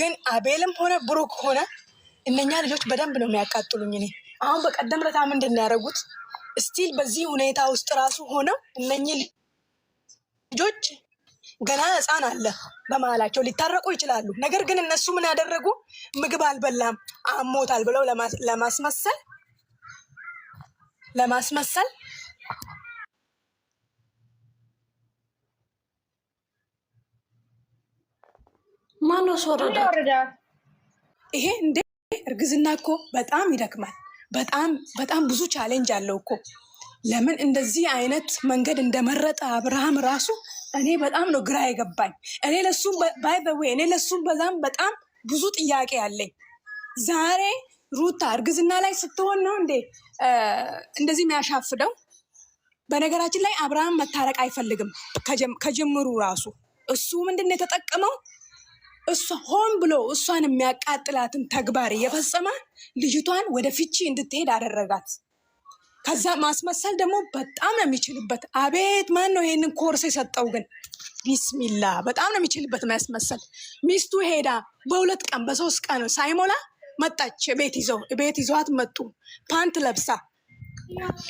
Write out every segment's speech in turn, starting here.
ግን አቤልም ሆነ ብሩክ ሆነ እነኛ ልጆች በደንብ ነው የሚያቃጥሉኝ። እኔ አሁን በቀደም ረታ ምንድን ያደረጉት? ስቲል በዚህ ሁኔታ ውስጥ ራሱ ሆነው እነኚህ ልጆች ገና ህፃን አለ በመሀላቸው ሊታረቁ ይችላሉ። ነገር ግን እነሱ ምን ያደረጉ? ምግብ አልበላም አሞታል ብለው ለማስመሰል ለማስመሰል ማን ወረዳ ይሄ እንደ እርግዝና እኮ በጣም ይደክማል። በጣም በጣም ብዙ ቻሌንጅ አለው እኮ። ለምን እንደዚህ አይነት መንገድ እንደመረጠ አብርሃም ራሱ እኔ በጣም ነው ግራ የገባኝ። እኔ ለሱ ባይ በወይ እኔ ለሱ በዛም በጣም ብዙ ጥያቄ አለኝ። ዛሬ ሩታ እርግዝና ላይ ስትሆን ነው እንዴ እንደዚህ የሚያሻፍደው? በነገራችን ላይ አብርሃም መታረቅ አይፈልግም ከጀምሩ ራሱ እሱ ምንድን ነው የተጠቀመው እሷ ሆን ብሎ እሷን የሚያቃጥላትን ተግባር እየፈጸመ ልጅቷን ወደ ፍቺ እንድትሄድ አደረጋት። ከዛ ማስመሰል ደግሞ በጣም ነው የሚችልበት። አቤት ማን ነው ይሄንን ኮርስ የሰጠው ግን? ቢስሚላ በጣም ነው የሚችልበት ማስመሰል። ሚስቱ ሄዳ በሁለት ቀን በሶስት ቀን ሳይሞላ መጣች። ቤት ይዘው ቤት ይዘዋት መጡ፣ ፓንት ለብሳ።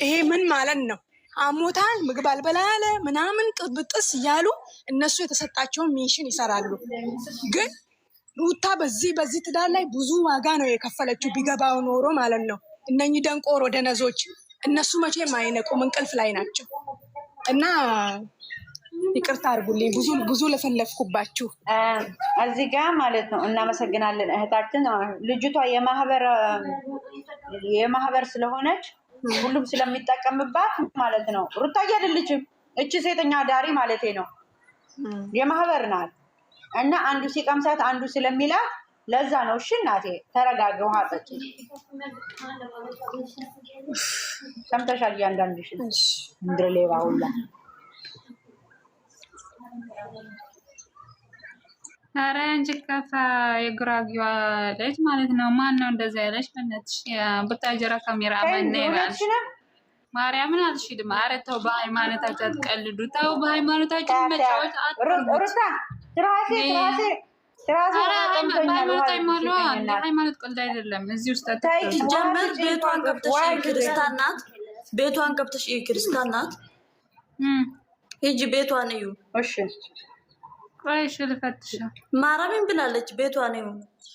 ይሄ ምን ማለት ነው? አሞታል፣ ምግብ አልበላለ ምናምን ቅብጥስ እያሉ እነሱ የተሰጣቸውን ሚሽን ይሰራሉ። ግን ሩታ በዚህ በዚህ ትዳር ላይ ብዙ ዋጋ ነው የከፈለችው። ቢገባው ኖሮ ማለት ነው። እነኚህ ደንቆሮ ደነዞች እነሱ መቼም አይነቁም፣ እንቅልፍ ላይ ናቸው። እና ይቅርታ አድርጉልኝ ብዙ ብዙ ለፈለፍኩባችሁ እዚህ ጋ ማለት ነው። እናመሰግናለን እህታችን። ልጅቷ የማህበር የማህበር ስለሆነች ሁሉም ስለሚጠቀምባት ማለት ነው። ሩታዬ አይደለችም እች ሴተኛ አዳሪ ማለት ነው። የማህበር ናት እና አንዱ ሲቀምሳት አንዱ ስለሚላት ለዛ ነው። እሺ እናቴ ተረጋጋ፣ ውሃ ጠጪ። ሰምተሻል? እያንዳንድሽ ምድር ሌባ ሁላ ኧረ አንቺ ከፋ የጉራጌዋ ልጅ ማለት ነው። ማን ነው እንደዛ ያለሽ? በእናትሽ ቡታጀራ ካሜራ ማን ይላል? ማርያምን አልሽልም። ኧረ ተው፣ በሃይማኖታችሁ አትቀልዱ። ተው፣ በሃይማኖታችሁ መጫወት አትሩታ ቀልድ አይደለም። እዚህ ውስጥ ጀመር ቤቷን ገብተሽ የክርስቲያን ናት። ቤቷን ገብተሽ የክርስቲያን ናት። ሂጂ ቤቷን እዩ። ቆይሽ ልፈትሻ። ማራሚን ብላለች ቤቷ ነው የሆነች።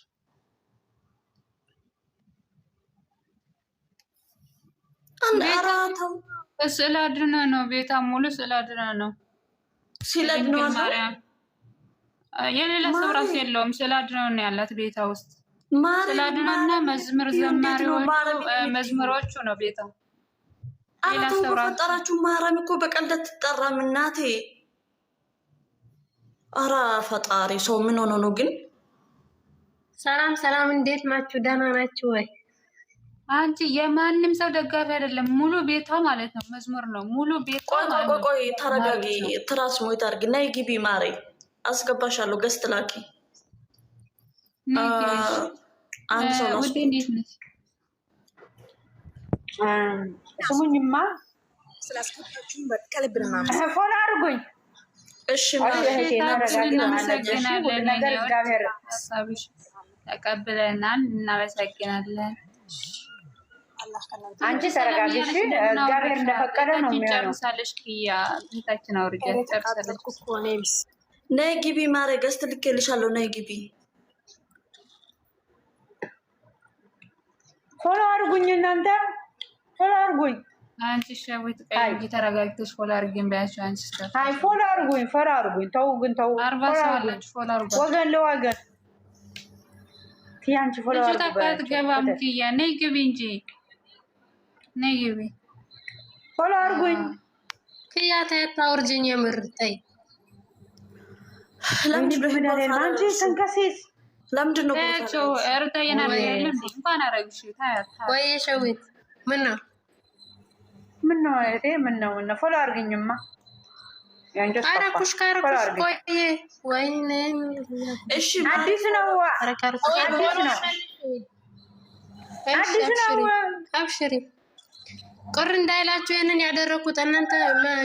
አንድ አራተው ስላድነ ነው ቤታ ሙሉ ስላድነ ነው ስላድነ ማርያም የሌላ ሰው ራሱ የለውም። ስላድነው ነው ያላት ቤታ ውስጥ እና መዝሙር ዘማሪዎቹ መዝሙሮቹ ነው ቤታ። ሌላ ሰው ራሱ ማርያም እኮ በቀልድ አትጠራም እናቴ አረ ፈጣሪ ሰው ምን ሆኖ ነው ግን? ሰላም ሰላም፣ እንዴት ናችሁ? ደህና ናችሁ ወይ? አንቺ የማንም ሰው ደጋፊ አይደለም። ሙሉ ቤቷ ማለት ነው መዝሙር ነው ሙሉ ቤቷ። ቆይ ቆይ ተረጋጊ። ትራስ ሞት አድርጊ። ነይ ግቢ ማሬ፣ አስገባሻለሁ። ገስት ላኪ። አንድ ሰው ነው ስሙኝማ፣ ስላስገባችሁ ከልብ ልናመ ፎን አድርጎኝ እሺ ተቀብለናል። እናመሰግናለን። አንቺ ተረጋግሽ። እግዚአብሔር እንደፈቀደ ነው የሚሆነው። ክያ ቤታችን አውርጃ ጨርሳለች። ነይ ግቢ ነይ ግቢ ፎሎ እናንተ ፎሎ አርጉኝ አንቺ ሸዊት ቀይ ተረጋግተሽ ፎሎ አድርጊን ቢያቸው። አንቺ አይ ፎሎ አድርጉኝ፣ ፈራ አድርጉኝ። ተው ግን ተው፣ ወገን ለወገን ትያንቺ ፎሎ አትገባም። ትያ ነይ ግቢ እንጂ ነይ ግቢ። ፎሎ አድርጉኝ ትያ። ተያት አውርጅኝ። የምር ተይ። ለምንድን ነው ምን ነው ምነው እህቴ ፎሎ አድርግኝማ አረኩሽ ካረኩሽ ቆይ ወይኔ እሺ አዲስ ነው አዲስ ነው አብሽሪ እንዳይላችሁ ያንን ያደረኩት እናንተ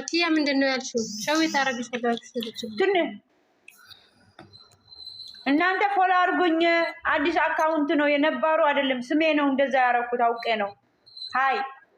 ቲያ ምንድን ነው ያልሽው እናንተ ፎሎ አድርጉኝ አዲስ አካውንት ነው የነባሩ አይደለም ስሜ ነው እንደዛ ያረኩት አውቄ ነው ሀይ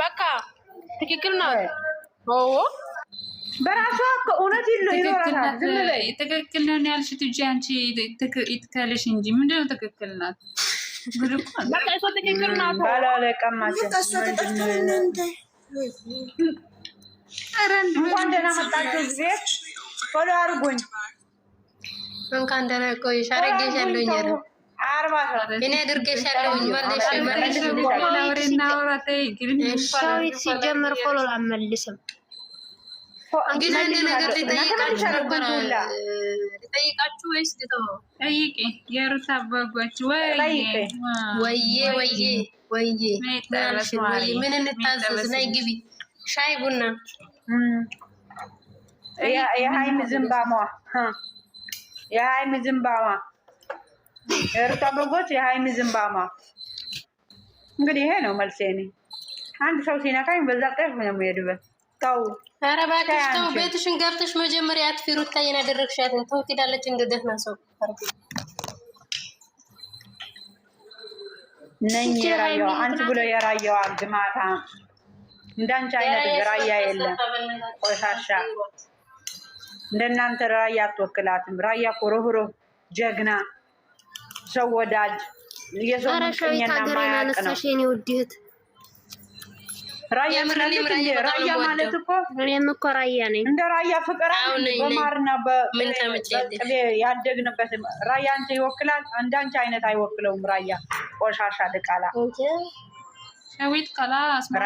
በቃ ትክክል ነው። በራሷ ከእውነት ነው ትክክል ነው ያልሽ ቱጂ አንቺ ይትከልሽ እንጂ ምንድን ነው ትክክል ናት። እንኳን ደህና መጣችሁ ጊዜ ፎሎ አድርጎኝ እንኳን ደህና ቆይሽ አረጌሻለሁ። እኔ አድርጌሻለሁ ሲጀምር ኮሎ አልመልስም። ግን አንድ ነገር ልጠይቃችሁ ልጠይቃችሁ ወይስ የሩታ ምን እንታዘዝ? ነይ ግቢ ሻይ ቡና የሀይም ዝንባማ የሀይም ዝንባማ የእርሷ በጎች የሀይሚ ዝምባማ። እንግዲህ ይሄ ነው መልሴ። እኔ አንድ ሰው ሲነካኝ በዛ ጠፍ ነው የምሄድበት። ተው ኧረ እባክሽ ተው። ቤትሽን ገብተሽ መጀመሪያ አትፊሩት። ታየን ያደረግሻትን ተው። ትሄዳለች እንደ ደህና ሰው ነኝ የራየዋ አንቺ ብሎ የራየዋ ግማታ እንዳንቺ አይነት ራያ የለም። ቆሻሻ እንደናንተ ራያ አትወክላትም። ራያ ኮሮህሮ ጀግና ሰው ወዳጅ እንደ ራያ ፍቅር በማርና በቅቤ ያደግንበት ራያ አንቺ ይወክላል። እንዳንቺ አይነት አይወክለውም። ራያ ቆሻሻ ድቃላ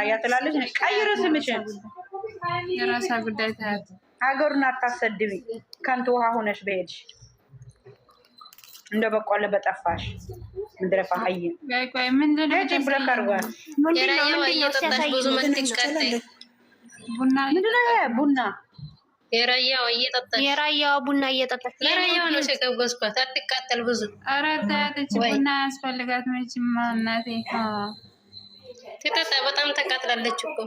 ራያ ትላለች። ቀይር ስምሽን፣ የራሳ ጉዳይ ታያት። ሀገሩን አታሰድቢ። ከንቱ ውሃ ሆነሽ በሄድሽ እንደ በቆለ በጠፋሽ ምድረ ፋሀይ ቡና የራያዋ ቡና እየጠጣች የራያዋ ነው ሸገብጎስኳት አትቃጠል ብዙ አረዳያተች ቡና ያስፈልጋት መችማ እናቴ ትጠጣ በጣም ተቃጥላለች እኮ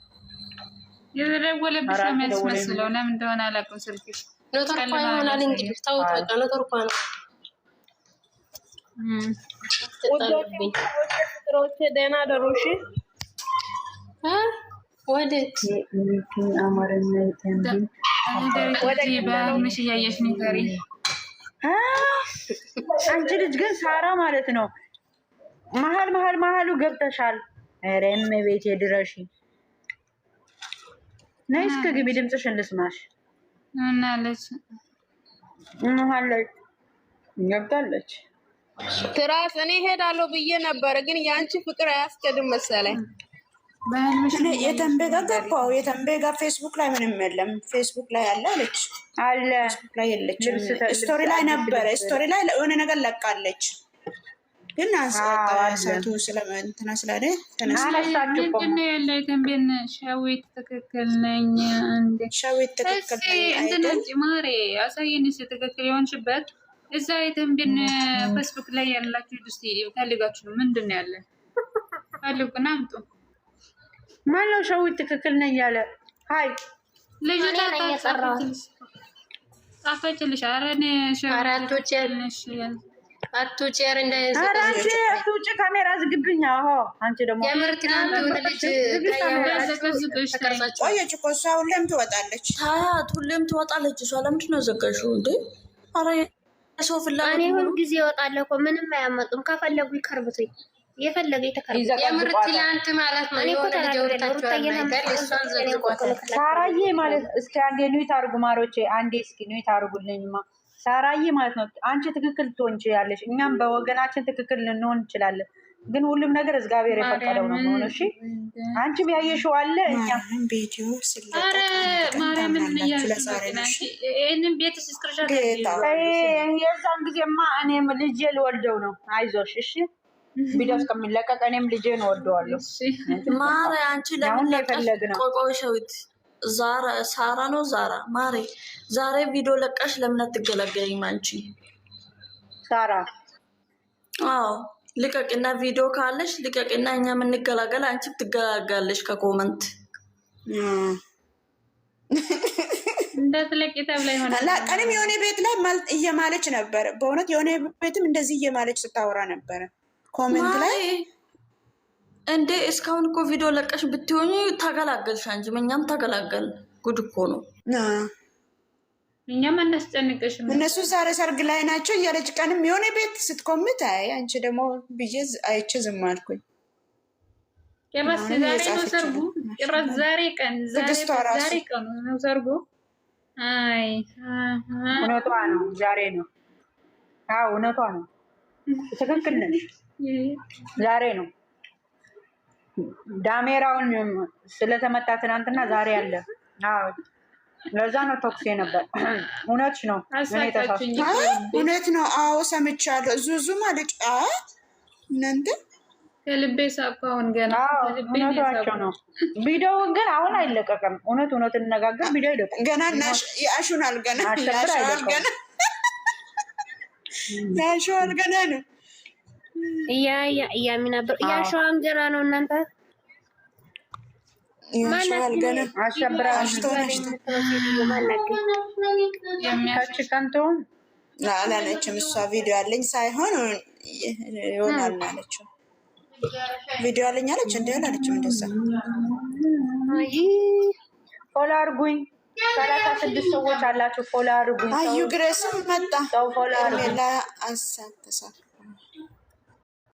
የተደወለብሽ የሚያስመስለው። ለምን እንደሆነ አላውቅም። ስልክሽ ኖቶርኳ ይሆናል እንግዲህ ታውት በቃ ኖቶርኳ ነው። ሮቼ ደህና ደሮሽ ወዴት አማርኛ በህልምሽ እያየሽ ንገሪ። አንቺ ልጅ ግን ሳራ ማለት ነው መሀል መሀል መሀሉ ገብተሻል። ረም ቤቴ ድረሽ ነይ እስከ ግቢ ድምፅሽ እንስማሽ። ምናለች? ምናለች? ገብታለች። ትራስ እኔ ሄዳለሁ ብዬ ነበረ፣ ግን የአንቺ ፍቅር አያስገድም መሰለኝ። የተንቤ ጋር ገባሁ። የተንቤ ጋር ፌስቡክ ላይ ምንም የለም። ፌስቡክ ላይ አለ አለች አለ። ላይ የለችም። ስቶሪ ላይ ነበረ። ስቶሪ ላይ የሆነ ነገር ለቃለች። ግን ስለእንትና ሸዊት ትክክል ነኝ። ሸዊት ትክክል ማሬ አሳየን ትክክል የሆንሽበት እዛ ፌስቡክ ላይ ያላችሁ ፈልጋችሁ ነው ምንድን ነው ያለ ፈልጉና አምጡ። ማነው ሸዊት ትክክል ነኝ ያለ? ሀይ ልጅ ጣፈችልሽ። ሸዊት ትክክል ነሽ አትውጭ፣ ካሜራ ዝግብኝ። አዎ አንቺ ደግሞ የምር ትናንት ቆየች እኮ ትወጣለች እሷ። ለምንድን ነው ዘጋሽው እንዴ? ኧረ ፍላጎት እኔ እወጣለሁ እኮ ምንም አያመጡም። ከፈለጉ ይከርብቱኝ የፈለገ የምር ትላንት ማለት ነው። ማለት እስኪ አንዴ ኒት ማሮቼ፣ አንዴ እስኪ ኒት አርጉልኝማ ሳራዬ ማለት ነው አንቺ ትክክል ትሆን ትችላለሽ፣ እኛም በወገናችን ትክክል ልንሆን እንችላለን። ግን ሁሉም ነገር እግዚአብሔር የፈቀደው ነው ሆነ። እሺ አንቺም ያየሽው አለ። እኛም ቤትዮ የዛን ጊዜማ እኔም ልጄ ልወልደው ነው። አይዞሽ እሺ ቪዲዮ እስከሚለቀቅ እኔም ልጄን እወደዋለሁ። ማረ አንቺ ለምን የፈለግ ነው ዛራ ሳራ ነው። ዛራ ማሬ፣ ዛሬ ቪዲዮ ለቃሽ። ለምን አትገላገይም አንቺ? ሳራ አዎ፣ ልቀቅና ቪዲዮ ካለሽ ልቀቅና፣ እኛ የምንገላገል አንቺ ትገላጋለሽ ከኮመንት እንደትለቅ ቀንም የሆነ ቤት ላይ እየማለች ነበረ። በእውነት የሆነ ቤትም እንደዚህ እየማለች ስታወራ ነበረ ኮመንት ላይ እንዴ እስካሁን እኮ ቪዲዮ ለቀሽ ብትሆኝ ተገላገልሽ እንጂ እኛም ተገላገል። ጉድ እኮ ነው። እኛም አናስጨንቅሽ። እነሱ ዛሬ ሰርግ ላይ ናቸው እያለች ቀንም የሆነ ቤት ስትኮምት፣ አይ አንቺ ደግሞ ብዬ አይቼ ዝም አልኩኝ። ጭራሽ ዛሬ ነው ሰርጉ፣ ጭራሽ ዛሬ ቀን ዛሬ ቀኑ ነው ሰርጉ። አይ እውነቷ ነው፣ ዛሬ ነው። አዎ እውነቷ ነው። ትክክል ነሽ። ዛሬ ነው ዳሜራውን ስለተመታ ትናንትና ዛሬ አለ። ለዛ ነው ተኩስ ነበር። እውነት ነው እውነት ነው። አዎ ሰምቻለሁ። ዙዙ ማለት እናንተ ከልቤ ሳካሁን ገና እውነታቸው ነው። ቪዲዮውን ግን አሁን አይለቀቅም። እውነት እውነት እንነጋገር ቪዲዮ አይለቀቅም ገና ያሹናል ገና ያሹናል ገና ነው እያሚ ነበር እያሸዋን ገና ነው እናንተ አላለችም። እሷ ቪዲዮ አለኝ ሳይሆን ይሆናል አለችው። ቪዲዮ አለኝ አለች እንዲ አላለችም። እንደዛ ፎሎ አርጉኝ። ሰላሳ ስድስት ሰዎች አላችሁ። ፎሎ አርጉኝ። አዩ ግሬስም መጣ ፎሎ